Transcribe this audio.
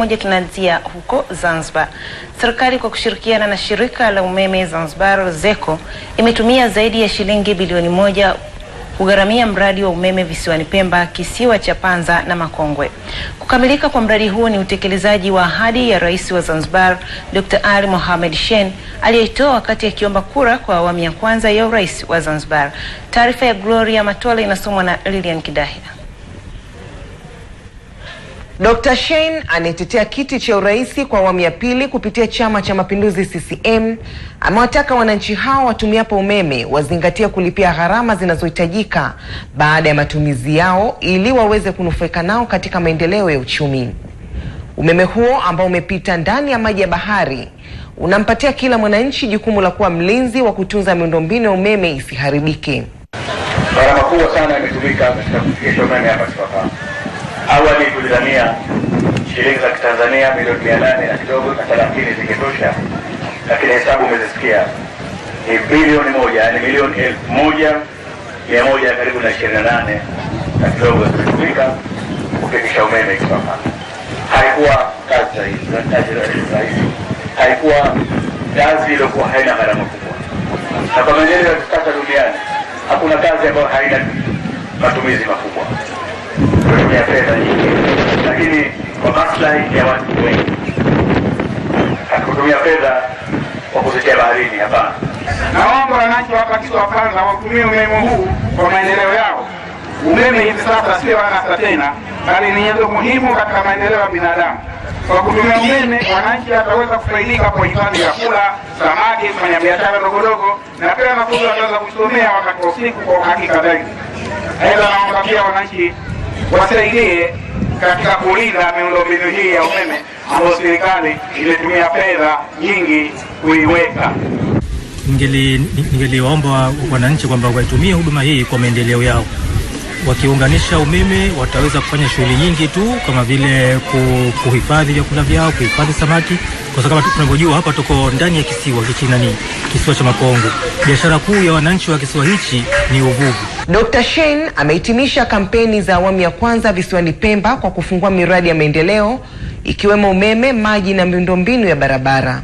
Moja, tunaanzia huko Zanzibar. Serikali kwa kushirikiana na shirika la umeme Zanzibar ZECO imetumia zaidi ya shilingi bilioni moja kugharamia mradi wa umeme visiwani Pemba, kisiwa cha Panza na Makongwe. Kukamilika kwa mradi huo ni utekelezaji wa ahadi ya Rais wa Zanzibar Dr. Ali Mohamed Shein aliyeitoa wakati akiomba kura kwa awamu ya kwanza ya urais wa Zanzibar. Taarifa ya Gloria Matola inasomwa na Lilian Kidahia. Dr. Shane anayetetea kiti cha urais kwa awamu ya pili kupitia Chama cha Mapinduzi CCM amewataka wananchi hao watumiapo umeme wazingatia kulipia gharama zinazohitajika baada ya matumizi yao ili waweze kunufaika nao katika maendeleo ya uchumi. Umeme huo ambao umepita ndani ya maji ya bahari unampatia kila mwananchi jukumu la kuwa mlinzi wa kutunza miundombinu ya umeme isiharibike. Gharama kubwa sana imetumika katika kufikisha umeme hapa Kipapaa. Awali tulidhania shilingi za Kitanzania milioni mia nane na kidogo na thelathini zingetosha, lakini hesabu umezisikia ni bilioni moja, yani milioni elfu moja mia moja karibu na ishirini na nane na kidogo zimetumika kupitisha umeme Kiswahani. Haikuwa kazi rahisi, haikuwa kazi iliyokuwa haina gharama kubwa, na kwa maendeleo ya kisasa duniani hakuna kazi ambayo haina matumizi makubwa kutumia fedha nyingi, lakini kwa maslahi ya watu wengi. Hakutumia fedha kwa kutetea baharini, hapana. Naomba wananchi hapa wa kwanza watumie umeme huu kwa maendeleo yao. Umeme hivi sasa sio anasa tena, bali ni nyenzo muhimu katika maendeleo ya binadamu. Kwa kutumia umeme, wananchi wataweza kufaidika kwa hifadhi ya kula, samaki, kufanya biashara ndogondogo, na pia wanafunzi wataweza kusomea wakati wa usiku kwa uhakika zaidi. Aidha, naomba pia wananchi wasaidie katika kulinda miundombinu hii ya umeme ambayo serikali imetumia fedha nyingi kuiweka. Ningeliwaomba wananchi kwamba waitumie huduma hii kwa maendeleo yao wakiunganisha umeme wataweza kufanya shughuli nyingi tu kama vile kuhifadhi vyakula vyao, kuhifadhi samaki, kwa sababu kama tunavyojua hapa tuko ndani ya kisiwa hichi, nani kisiwa cha Makongo. Biashara kuu ya wananchi wa kisiwa hichi ni uvuvi. Dr. Shane amehitimisha kampeni za awamu ya kwanza visiwani Pemba kwa kufungua miradi ya maendeleo ikiwemo umeme, maji na miundombinu ya barabara.